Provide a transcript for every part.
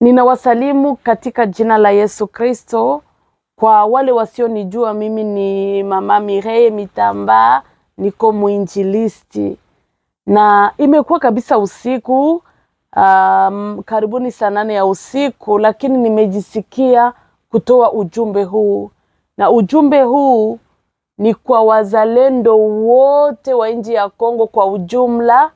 Ninawasalimu katika jina la Yesu Kristo. Kwa wale wasionijua, mimi ni Mama Mireye Mitamba, niko mwinjilisti na imekuwa kabisa usiku, um, karibuni saa nane ya usiku, lakini nimejisikia kutoa ujumbe huu, na ujumbe huu ni kwa wazalendo wote wa nchi ya Kongo kwa ujumla,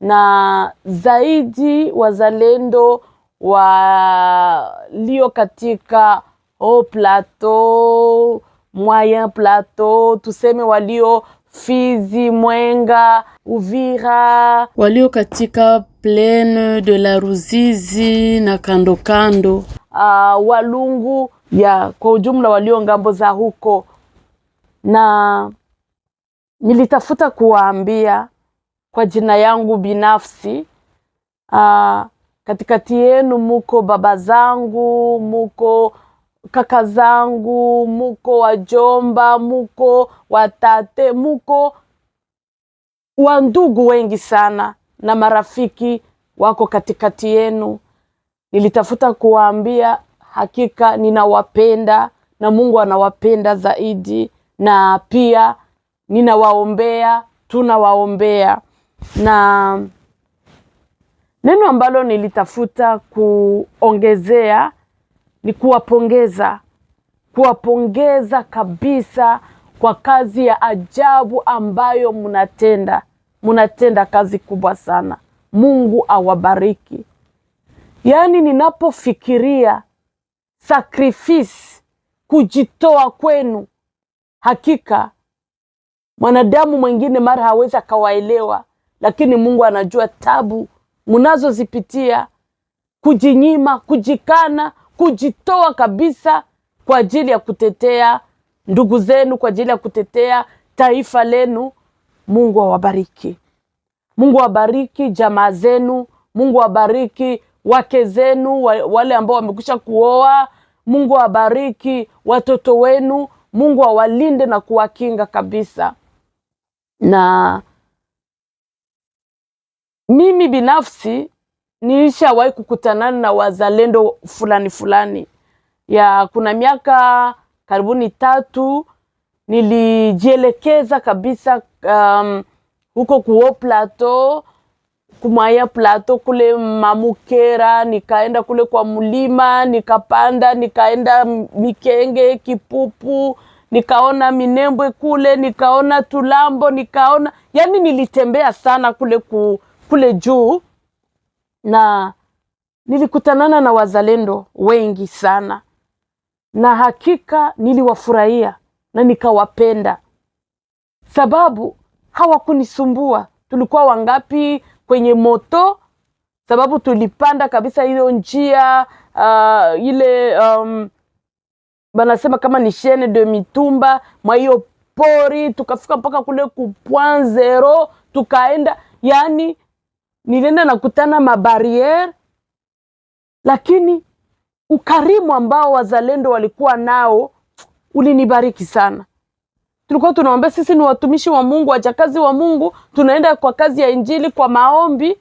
na zaidi wazalendo walio katika o plateau, moyen plateau, tuseme walio Fizi, Mwenga, Uvira, walio katika plaine de la Ruzizi na kando kando, uh, Walungu ya kwa ujumla walio ngambo za huko, na nilitafuta kuwaambia kwa jina yangu binafsi uh, katikati yenu muko baba zangu, muko kaka zangu, muko wajomba, muko watate, muko wandugu wengi sana na marafiki wako katikati yenu. Nilitafuta kuwaambia hakika ninawapenda na Mungu anawapenda zaidi, na pia ninawaombea, tunawaombea na Neno ambalo nilitafuta kuongezea ni kuwapongeza, kuwapongeza kabisa kwa kazi ya ajabu ambayo mnatenda. Mnatenda kazi kubwa sana. Mungu awabariki. Yaani, ninapofikiria sakrifisi, kujitoa kwenu, hakika mwanadamu mwingine mara hawezi akawaelewa, lakini Mungu anajua tabu mnazozipitia, kujinyima, kujikana, kujitoa kabisa kwa ajili ya kutetea ndugu zenu, kwa ajili ya kutetea taifa lenu. Mungu awabariki, Mungu awabariki jamaa zenu, Mungu awabariki wake zenu, wale ambao wamekwisha kuoa. Mungu awabariki watoto wenu, Mungu awalinde na kuwakinga kabisa na mimi binafsi nilishawahi kukutana na wazalendo fulani fulani ya kuna miaka karibuni tatu nilijielekeza kabisa um, huko kuo plato kumaya plato kule Mamukera, nikaenda kule kwa mlima nikapanda, nikaenda Mikenge, Kipupu, nikaona Minembwe kule, nikaona Tulambo, nikaona yani nilitembea sana kule ku kule juu, na nilikutanana na wazalendo wengi sana, na hakika niliwafurahia na nikawapenda, sababu hawakunisumbua. Tulikuwa wangapi kwenye moto? Sababu tulipanda kabisa hiyo njia uh, ile um, banasema kama ni shene de mitumba mwa hiyo pori, tukafika mpaka kule kupwan zero, tukaenda yani nilienda nakutana mabariere, lakini ukarimu ambao wazalendo walikuwa nao ulinibariki sana. Tulikuwa tunawambia sisi ni watumishi wa Mungu, wachakazi wa Mungu, tunaenda kwa kazi ya Injili, kwa maombi.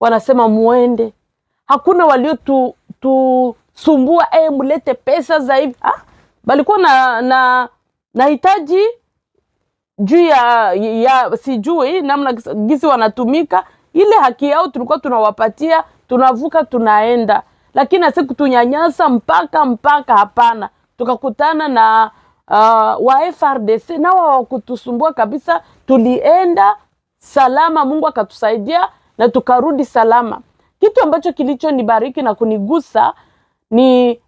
Wanasema muende, hakuna waliotusumbua tu, eh, mlete pesa za hivi ah, balikuwa na na nahitaji juu ya, ya sijui namna gisi wanatumika ile haki yao tulikuwa tunawapatia, tunavuka tunaenda, lakini asi kutunyanyasa mpaka mpaka, hapana. Tukakutana na uh, wa FRDC nao hawakutusumbua kabisa, tulienda salama, Mungu akatusaidia na tukarudi salama. Kitu ambacho kilichonibariki na kunigusa ni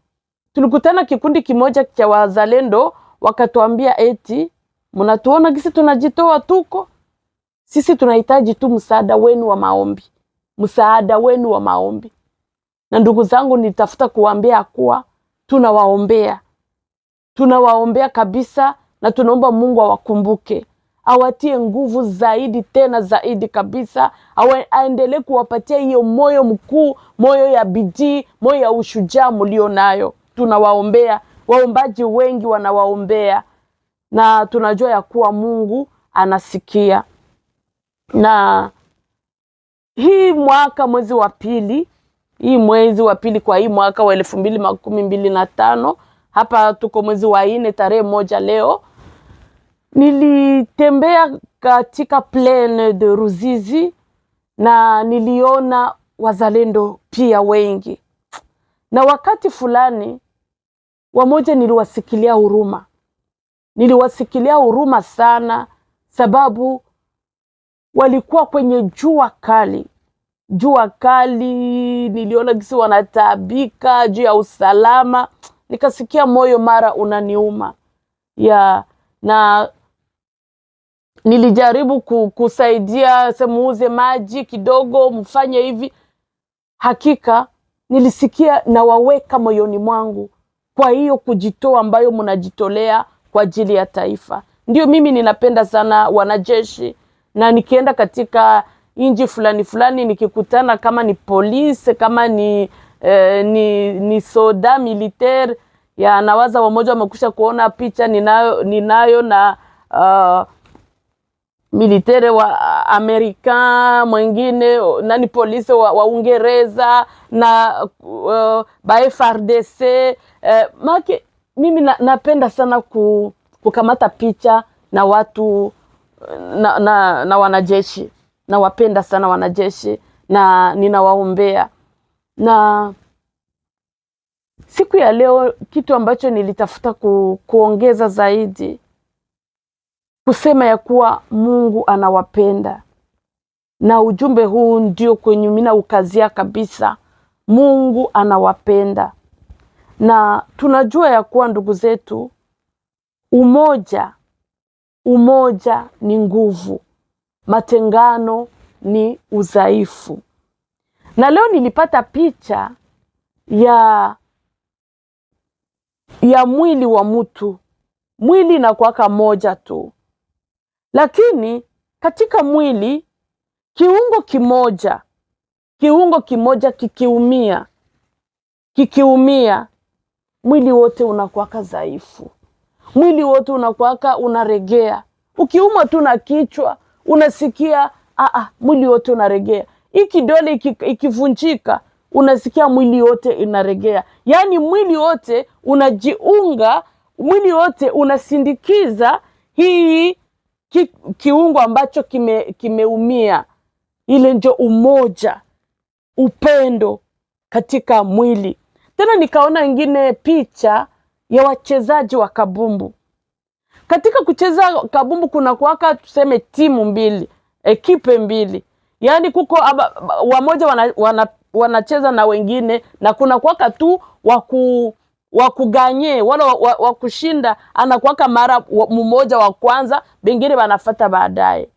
tulikutana kikundi kimoja cha wazalendo, wakatuambia eti mnatuona gisi tunajitoa tuko sisi tunahitaji tu msaada wenu wa maombi, msaada wenu wa maombi. Na ndugu zangu, nitafuta kuwaambia kuwa tunawaombea, tunawaombea kabisa, na tunaomba Mungu awakumbuke, awatie nguvu zaidi, tena zaidi kabisa, aendelee kuwapatia hiyo moyo mkuu, moyo ya bidii, moyo ya ushujaa mlio nayo. Tunawaombea, waombaji wengi wanawaombea, na tunajua ya kuwa Mungu anasikia na hii mwaka mwezi wa pili, hii mwezi wa pili kwa hii mwaka wa elfu mbili makumi mbili na tano hapa tuko mwezi wa nne tarehe moja leo nilitembea katika plaine de Ruzizi na niliona wazalendo pia wengi, na wakati fulani wamoja niliwasikilia huruma, niliwasikilia huruma sana, sababu walikuwa kwenye jua kali, jua kali. Niliona gisi wanataabika juu ya usalama, nikasikia moyo mara unaniuma ya na nilijaribu kusaidia semuuze maji kidogo, mfanye hivi. Hakika nilisikia nawaweka moyoni mwangu, kwa hiyo kujitoa ambayo mnajitolea kwa ajili ya taifa. Ndio mimi ninapenda sana wanajeshi na nikienda katika nchi fulani fulani nikikutana kama ni polisi kama ni eh, ni, ni soda militaire ya nawaza wamoja wamekusha kuona picha ninayo, ninayo na uh, ah, militaire wa Amerika mwingine nani polisi wa, wa Uingereza na uh, ba frdc eh, mimi na, napenda sana ku, kukamata picha na watu na, na, na wanajeshi. Nawapenda sana wanajeshi na ninawaombea. Na siku ya leo kitu ambacho nilitafuta ku, kuongeza zaidi kusema ya kuwa Mungu anawapenda na ujumbe huu ndio kwenye mina ukazia kabisa. Mungu anawapenda na tunajua ya kuwa ndugu zetu, umoja Umoja ni nguvu, matengano ni udhaifu. Na leo nilipata picha ya ya mwili wa mtu. Mwili inakuwaka moja tu, lakini katika mwili kiungo kimoja kiungo kimoja kikiumia kikiumia, mwili wote unakuwaka dhaifu mwili wote unakuwaka unaregea. Ukiumwa tu na kichwa unasikia aa, ah, ah, mwili wote unaregea. Hii kidole ikivunjika unasikia mwili wote inaregea, yaani mwili wote unajiunga, mwili wote unasindikiza hii ki, kiungo ambacho kimeumia ile ndio umoja, upendo katika mwili. Tena nikaona ingine picha ya wachezaji wa kabumbu. Katika kucheza kabumbu kuna kuwaka tuseme timu mbili, ekipe mbili, yaani kuko wamoja wana, wana, wanacheza na wengine na kuna kuwaka tu waku wakuganye wala wakushinda anakuwaka mara mmoja wa kwanza, bengine wanafata baadaye.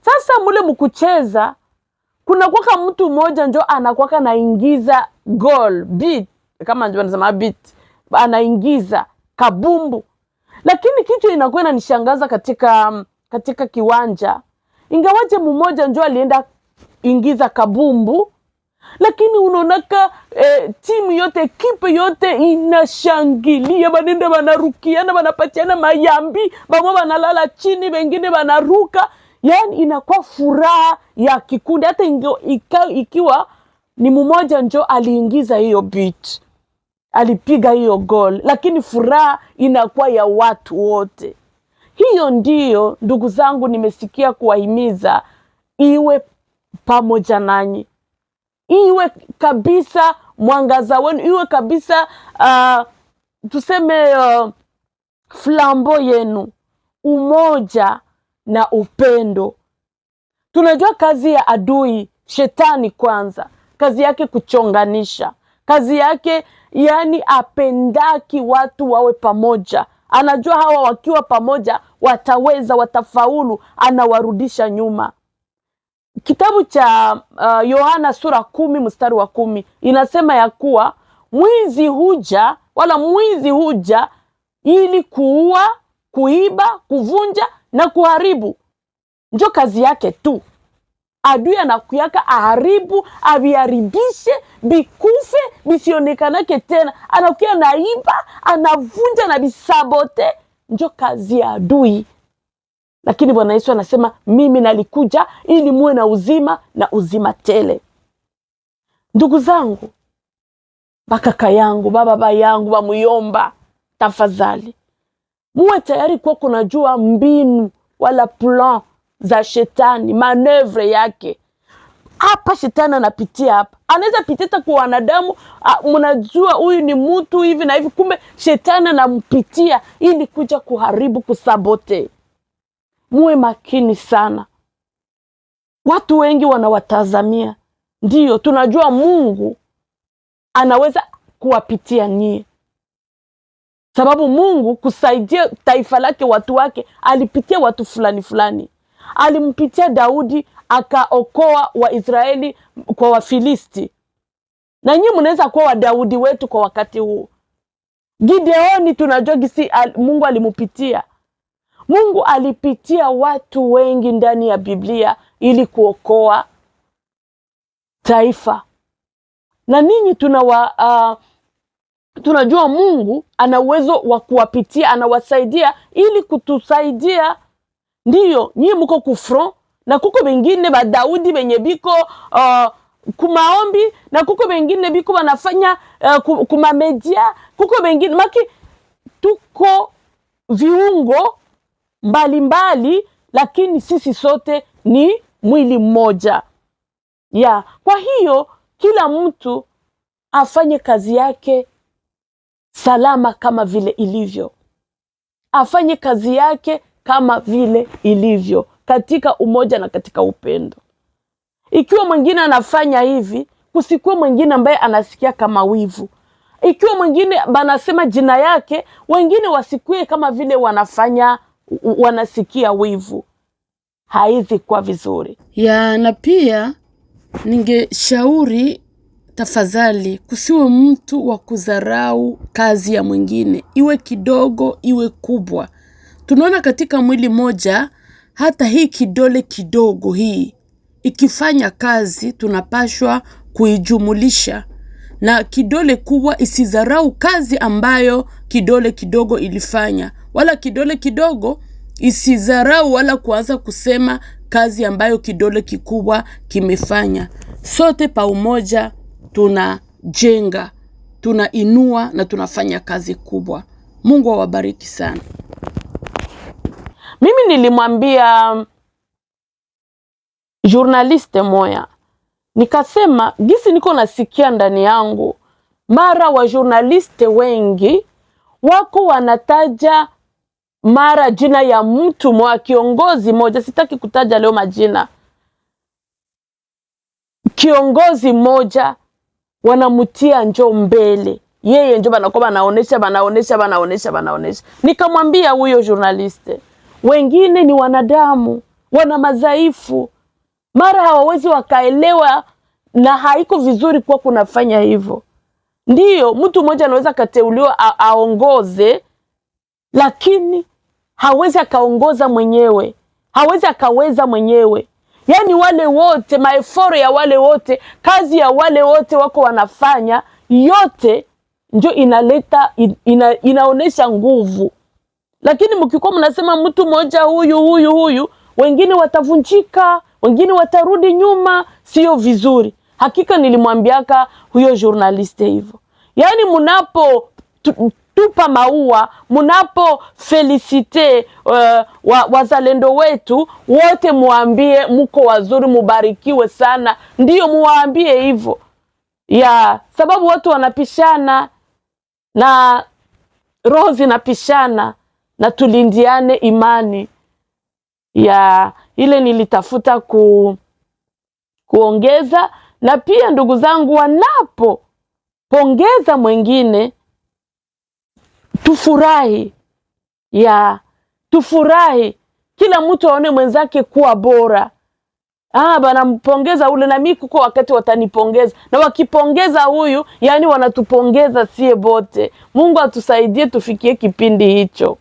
Sasa mule mkucheza kuna kuwaka mtu mmoja njo anakwaka naingiza goal beat, kama njo wanasema beat anaingiza kabumbu. Lakini kitu inakuwa inanishangaza katika, katika kiwanja, ingawaje mmoja njo alienda ingiza kabumbu, lakini unaonaka eh, timu yote ekipe yote inashangilia, banende banarukiana, banapatiana mayambi, bamwa banalala chini, bengine banaruka Yani inakuwa furaha ya kikundi, hata ingo, ika, ikiwa ni mmoja njo aliingiza hiyo beat alipiga hiyo gol lakini furaha inakuwa ya watu wote. Hiyo ndiyo ndugu zangu, nimesikia kuwahimiza iwe pamoja nanyi, iwe kabisa mwangaza wenu, iwe kabisa uh, tuseme uh, flambo yenu, umoja na upendo. Tunajua kazi ya adui shetani, kwanza kazi yake kuchonganisha, kazi yake yaani apendaki watu wawe pamoja. Anajua hawa wakiwa pamoja wataweza, watafaulu, anawarudisha nyuma. Kitabu cha uh, Yohana uh, sura kumi mstari wa kumi inasema ya kuwa mwizi huja wala mwizi huja ili kuua, kuiba, kuvunja na kuharibu, njo kazi yake tu adui anakuyaka aharibu, aviharibishe, bikufe, bisionekanake tena. Anakuya naiba, anavunja na bisabote, njo kazi ya adui. Lakini Bwana Yesu anasema mimi nalikuja ili muwe na uzima na uzima tele. Ndugu zangu, bakaka yangu, bababa yangu, bamuyomba, tafadhali muwe tayari kwa kunajua mbinu wala plan za shetani, manevre yake hapa shetani anapitia hapa, anaweza pitia hata kwa wanadamu. Mnajua huyu ni mtu hivi na hivi, kumbe shetani anampitia ili kuja kuharibu, kusabote. Muwe makini sana, watu wengi wanawatazamia. Ndiyo tunajua Mungu anaweza kuwapitia nyie, sababu Mungu kusaidia taifa lake, watu wake, alipitia watu fulani fulani alimpitia Daudi akaokoa Waisraeli kwa Wafilisti, na nyinyi mnaweza kuwa wa Daudi wetu kwa wakati huu. Gideoni tunajua gisi al, Mungu alimupitia. Mungu alipitia watu wengi ndani ya Biblia ili kuokoa taifa, na ninyi tunawa uh, tunajua Mungu ana uwezo wa kuwapitia, anawasaidia ili kutusaidia ndiyo nyi muko kufront na kuko bengine badaudi benye biko uh, kumaombi na kuko bengine biko banafanya uh, kumamedia kuko bengine maki tuko viungo mbalimbali mbali, lakini sisi sote ni mwili mmoja ya. Kwa hiyo kila mtu afanye kazi yake salama kama vile ilivyo, afanye kazi yake kama vile ilivyo katika umoja na katika upendo. Ikiwa mwingine anafanya hivi, kusikuwe mwingine ambaye anasikia kama wivu. Ikiwa mwingine banasema jina yake, wengine wasikue kama vile wanafanya wanasikia wivu. Haizi kwa vizuri ya. Na pia ningeshauri tafadhali, kusiwe mtu wa kudharau kazi ya mwingine, iwe kidogo iwe kubwa. Tunaona katika mwili moja hata hii kidole kidogo hii ikifanya kazi, tunapashwa kuijumulisha na kidole kubwa isidharau kazi ambayo kidole kidogo ilifanya, wala kidole kidogo isidharau wala kuanza kusema kazi ambayo kidole kikubwa kimefanya. Sote pa umoja tunajenga, tunainua na tunafanya kazi kubwa. Mungu awabariki sana. Mimi nilimwambia journaliste moya nikasema, gisi niko nasikia ndani yangu, mara wa journaliste wengi wako wanataja mara jina ya mtu mwa kiongozi moja, sitaki kutaja leo majina, kiongozi moja wanamutia njo mbele yeye njo banakuwa banaonesha banaonesha banaonesha banaonesha. Nikamwambia huyo journaliste wengine ni wanadamu, wana madhaifu, mara hawawezi wakaelewa, na haiko vizuri kuwa kunafanya hivyo. Ndiyo, mtu mmoja anaweza akateuliwa aongoze, lakini hawezi akaongoza mwenyewe, hawezi akaweza mwenyewe. Yaani wale wote maeforo ya wale wote, kazi ya wale wote wako wanafanya yote, ndio inaleta ina, inaonyesha nguvu lakini mkikuwa mnasema mtu mmoja huyu huyu huyu, wengine watavunjika, wengine watarudi nyuma, sio vizuri. Hakika nilimwambiaka huyo journaliste hivyo, yaani munapo tupa maua munapo felicite uh, wa, wazalendo wetu wote, muambie muko wazuri, mubarikiwe sana. Ndiyo, muwaambie hivyo ya sababu watu wanapishana na roho zinapishana na tulindiane imani ya ile nilitafuta ku, kuongeza. Na pia ndugu zangu, wanapopongeza mwingine tufurahi ya tufurahi, kila mtu aone mwenzake kuwa bora. Ah, banampongeza ule na mimi kuko wakati watanipongeza, na wakipongeza huyu, yani wanatupongeza sie bote. Mungu atusaidie tufikie kipindi hicho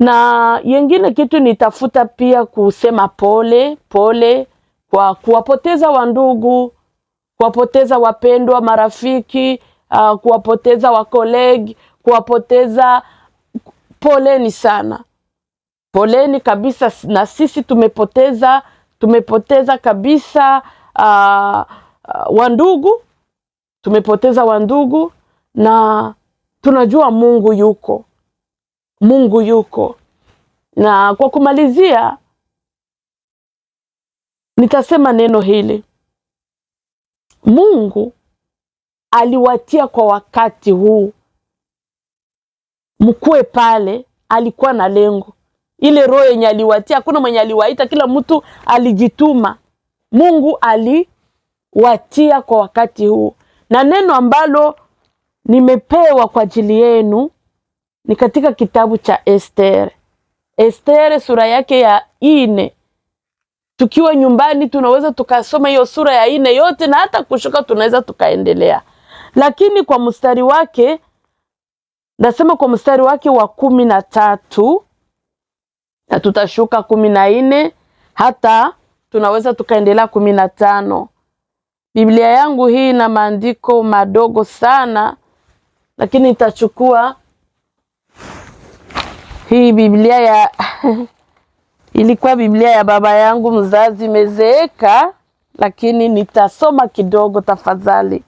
na yengine kitu nitafuta pia kusema pole pole kwa kuwapoteza wandugu, kuwapoteza wapendwa, marafiki, uh, kuwapoteza wakolegi, kuwapoteza. Poleni sana, poleni kabisa. Na sisi tumepoteza, tumepoteza kabisa uh, uh, wandugu, tumepoteza wandugu, na tunajua Mungu yuko Mungu yuko. Na kwa kumalizia, nitasema neno hili, Mungu aliwatia kwa wakati huu, mkuwe pale. Alikuwa na lengo, ile roho yenye aliwatia, hakuna mwenye aliwaita, kila mtu alijituma. Mungu aliwatia kwa wakati huu, na neno ambalo nimepewa kwa ajili yenu ni katika kitabu cha Esther. Esther sura yake ya ine. Tukiwa nyumbani tunaweza tukasoma hiyo sura ya ine yote na hata kushuka tunaweza tukaendelea, lakini kwa mstari wake ndasema kwa mstari wake wa kumi na tatu na tutashuka kumi na nne hata tunaweza tukaendelea kumi na tano. Biblia yangu hii ina maandiko madogo sana, lakini itachukua hii Biblia ya ilikuwa Biblia ya baba yangu mzazi, imezeeka, lakini nitasoma kidogo tafadhali.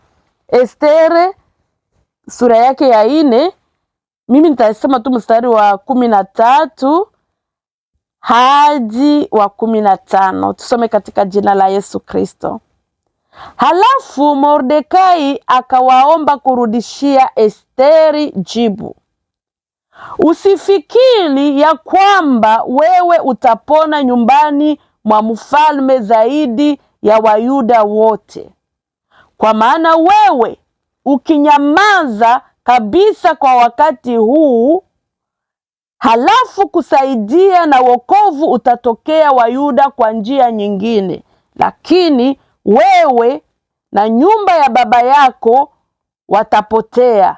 Estere sura yake ya ine, mimi nitasoma tu mstari wa kumi na tatu hadi wa kumi na tano. Tusome katika jina la Yesu Kristo. Halafu Mordekai akawaomba kurudishia Esteri jibu Usifikiri ya kwamba wewe utapona nyumbani mwa mfalme zaidi ya Wayuda wote, kwa maana wewe ukinyamaza kabisa kwa wakati huu, halafu kusaidia na wokovu utatokea Wayuda kwa njia nyingine, lakini wewe na nyumba ya baba yako watapotea.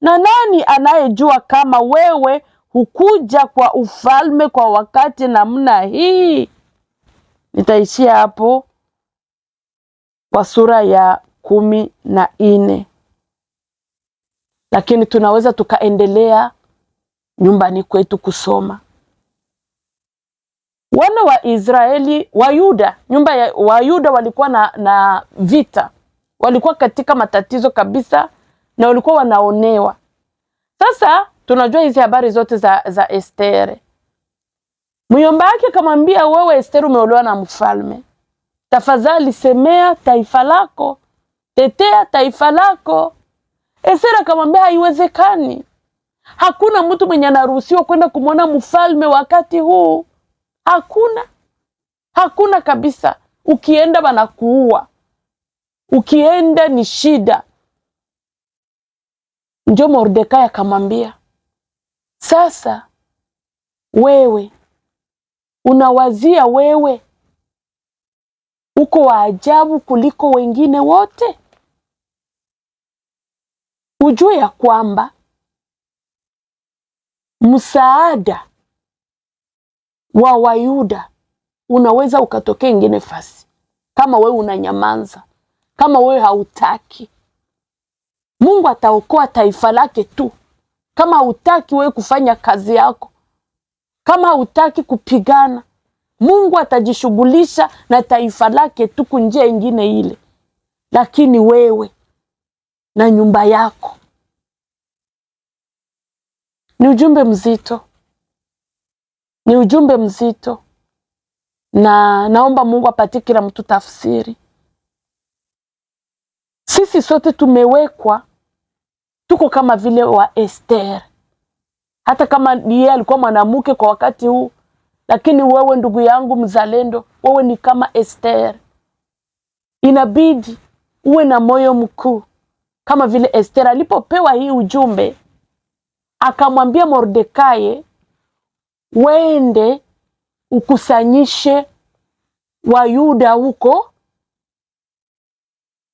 Na nani anayejua kama wewe hukuja kwa ufalme kwa wakati namna hii? Nitaishia hapo kwa sura ya kumi na nne, lakini tunaweza tukaendelea nyumbani kwetu kusoma. Wana wa Israeli wa Yuda, nyumba ya Yuda walikuwa na, na vita, walikuwa katika matatizo kabisa na walikuwa wanaonewa. Sasa tunajua hizi habari zote za, za Esther. Mjomba yake akamwambia, wewe Esther, umeolewa na mfalme, tafadhali semea taifa lako, tetea taifa lako. Esther akamwambia, haiwezekani, hakuna mtu mwenye anaruhusiwa kwenda kumwona mfalme wakati huu, hakuna hakuna kabisa. Ukienda wanakuua, ukienda ni shida. Njo Mordekai akamwambia, sasa wewe unawazia wewe uko wa ajabu kuliko wengine wote? Ujue ya kwamba msaada wa Wayuda unaweza ukatokea ingine fasi, kama wewe unanyamanza, kama wewe hautaki Mungu ataokoa taifa lake tu. Kama hutaki wewe kufanya kazi yako, kama hutaki kupigana, Mungu atajishughulisha na taifa lake tu kunjia ingine ile, lakini wewe na nyumba yako. Ni ujumbe mzito, ni ujumbe mzito, na naomba Mungu apatie kila mtu tafsiri. Sisi sote tumewekwa tuko kama vile wa Esther. Hata kama yeye alikuwa mwanamke kwa wakati huu, lakini wewe ndugu yangu mzalendo, wewe ni kama Esther. Inabidi uwe na moyo mkuu kama vile Esther alipopewa hii ujumbe, akamwambia Mordekai, wende ukusanyishe Wayuda huko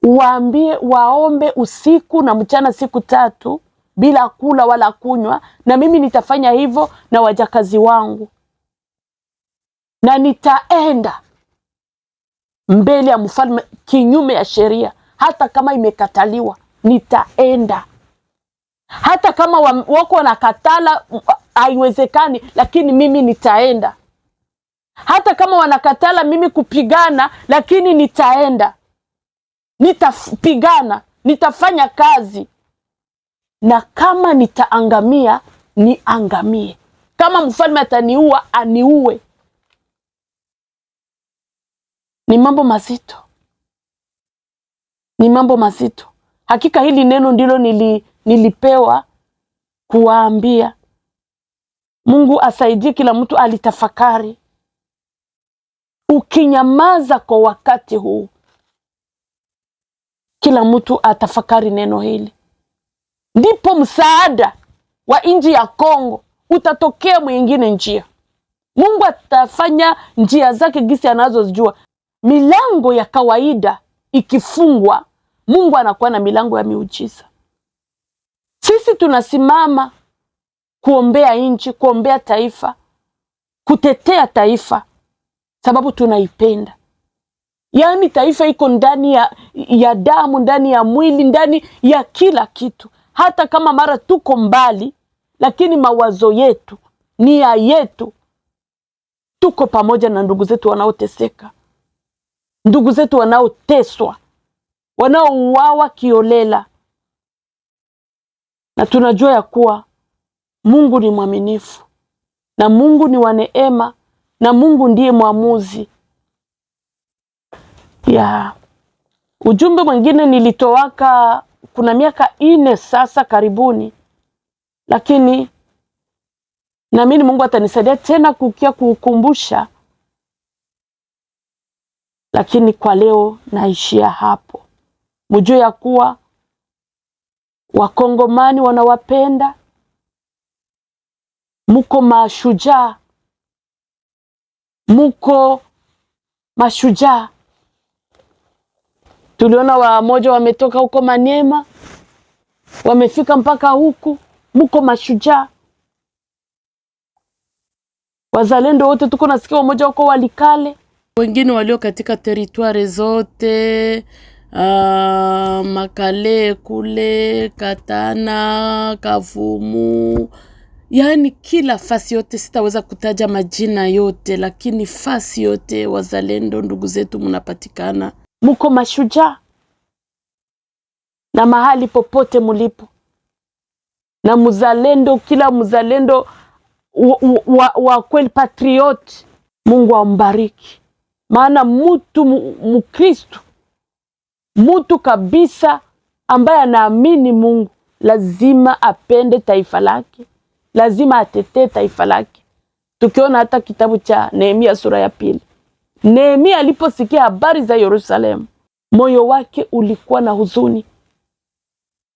waambie waombe usiku na mchana siku tatu bila kula wala kunywa, na mimi nitafanya hivyo na wajakazi wangu, na nitaenda mbele ya mfalme kinyume ya sheria, hata kama imekataliwa nitaenda, hata kama wako wanakatala haiwezekani, lakini mimi nitaenda. Hata kama wanakatala mimi kupigana, lakini nitaenda nitapigana, nitafanya kazi, na kama nitaangamia niangamie, kama mfalme ataniua aniue. Ni mambo mazito, ni mambo mazito. Hakika hili neno ndilo nili, nilipewa kuwaambia. Mungu asaidie kila mtu alitafakari. Ukinyamaza kwa wakati huu kila mtu atafakari neno hili, ndipo msaada wa nchi ya Kongo utatokea mwingine njia. Mungu atafanya njia zake gisi anazozijua. Milango ya kawaida ikifungwa, Mungu anakuwa na milango ya miujiza. Sisi tunasimama kuombea nchi, kuombea taifa, kutetea taifa sababu tunaipenda. Yaani taifa iko ndani ya, ya damu, ndani ya mwili, ndani ya kila kitu. Hata kama mara tuko mbali, lakini mawazo yetu, nia yetu, tuko pamoja na ndugu zetu wanaoteseka, ndugu zetu wanaoteswa, wanaouawa kiolela, na tunajua ya kuwa Mungu ni mwaminifu na Mungu ni wa neema na Mungu ndiye mwamuzi ya ujumbe mwingine nilitowaka kuna miaka nne sasa karibuni, lakini naamini Mungu atanisaidia tena kukia kuukumbusha, lakini kwa leo naishia hapo. Mjue ya kuwa wakongomani wanawapenda, muko mashujaa, muko mashujaa Tuliona wamoja wametoka huko Maniema, wamefika mpaka huku, muko mashujaa. Wazalendo wote tuko nasikia, wamoja huko Walikale, wengine walio katika teritware zote uh, Makale kule Katana, Kavumu Yaani kila fasi yote, sitaweza kutaja majina yote, lakini fasi yote wazalendo, ndugu zetu, mnapatikana muko mashujaa na mahali popote mulipo, na mzalendo, kila mzalendo wa, wa kweli patriot, Mungu ambariki. Maana mutu Mkristu, mutu kabisa ambaye anaamini Mungu lazima apende taifa lake, lazima atetee taifa lake, tukiona hata kitabu cha Nehemia sura ya pili Nehemia aliposikia habari za Yerusalemu, moyo wake ulikuwa na huzuni.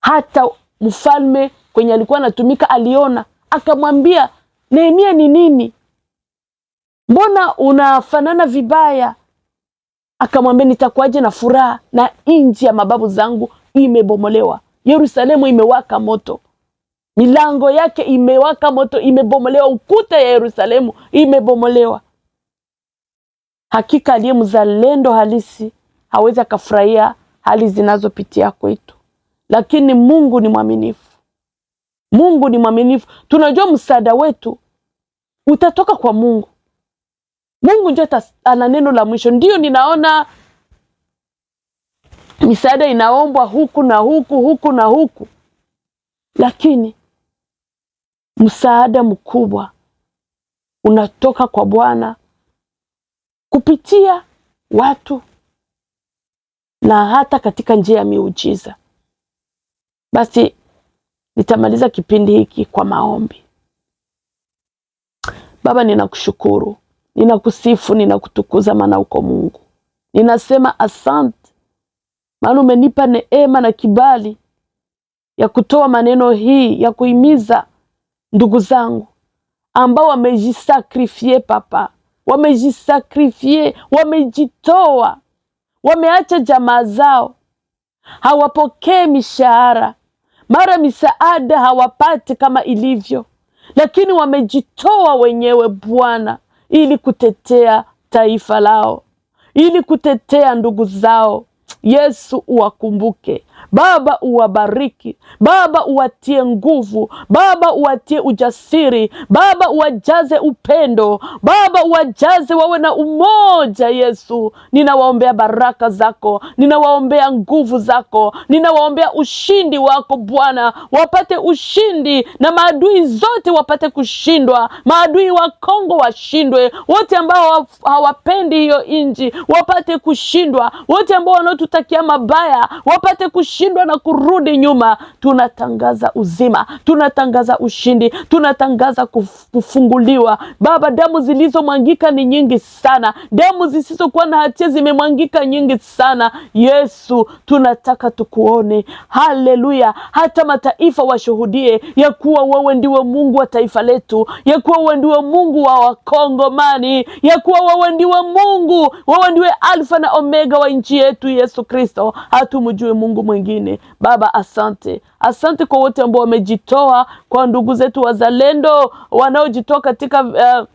Hata mfalme kwenye alikuwa anatumika aliona, akamwambia Nehemia, ni nini? Mbona unafanana vibaya? Akamwambia, nitakuwaje na furaha na nchi ya mababu zangu imebomolewa, Yerusalemu imewaka moto, milango yake imewaka moto, imebomolewa, ukuta ya Yerusalemu imebomolewa. Hakika aliye mzalendo halisi hawezi akafurahia hali zinazopitia kwetu, lakini Mungu ni mwaminifu. Mungu ni mwaminifu, tunajua msaada wetu utatoka kwa Mungu. Mungu ndio ana neno la mwisho. Ndiyo ninaona misaada inaombwa huku na huku huku na huku, lakini msaada mkubwa unatoka kwa Bwana kupitia watu na hata katika njia ya miujiza. Basi nitamaliza kipindi hiki kwa maombi. Baba, ninakushukuru, ninakusifu, ninakutukuza maana uko Mungu. Ninasema asante, maana umenipa neema na kibali ya kutoa maneno hii ya kuhimiza ndugu zangu ambao wamejisakrifie, Papa wamejisakrifie, wamejitoa, wameacha jamaa zao, hawapokee mishahara, mara misaada hawapati kama ilivyo, lakini wamejitoa wenyewe Bwana, ili kutetea taifa lao, ili kutetea ndugu zao. Yesu, uwakumbuke Baba uwabariki, Baba uwatie nguvu, Baba uwatie ujasiri, Baba uwajaze upendo, Baba uwajaze wawe na umoja. Yesu, ninawaombea baraka zako, ninawaombea nguvu zako, ninawaombea ushindi wako Bwana, wapate ushindi na maadui zote wapate kushindwa, maadui wa Kongo washindwe, wote ambao hawapendi hiyo nchi wapate kushindwa, wote ambao wanaotutakia mabaya wapate kushindwa kushindwa na kurudi nyuma, tunatangaza uzima, tunatangaza ushindi, tunatangaza kufunguliwa. Baba, damu zilizomwangika ni nyingi sana, damu zisizokuwa na hatia zimemwangika nyingi sana. Yesu, tunataka tukuone. Haleluya! hata mataifa washuhudie ya kuwa wewe ndiwe Mungu wa taifa letu, ya kuwa wewe ndiwe Mungu wa Wakongomani, ya kuwa wewe ndiwe Mungu, wewe ndiwe Alfa na Omega wa nchi yetu, Yesu Kristo. Hatumjui Mungu mwingine mwingine. Baba, asante, asante kwa wote ambao wamejitoa kwa ndugu zetu wazalendo wanaojitoa katika uh,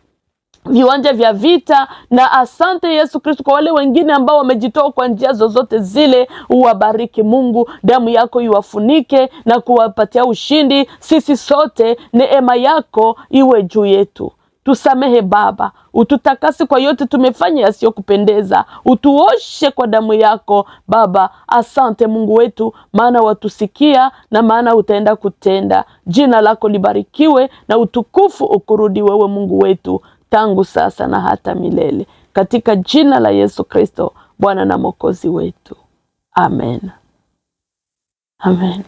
viwanja vya vita na asante Yesu Kristo kwa wale wengine ambao wamejitoa kwa njia zozote zile. Uwabariki Mungu, damu yako iwafunike na kuwapatia ushindi sisi sote. Neema yako iwe juu yetu. Tusamehe Baba, ututakase kwa yote tumefanya yasiyokupendeza, utuoshe kwa damu yako Baba. Asante Mungu wetu, maana watusikia na maana utaenda kutenda. Jina lako libarikiwe na utukufu ukurudi wewe, Mungu wetu, tangu sasa na hata milele, katika jina la Yesu Kristo, Bwana na Mwokozi wetu, amen, amen.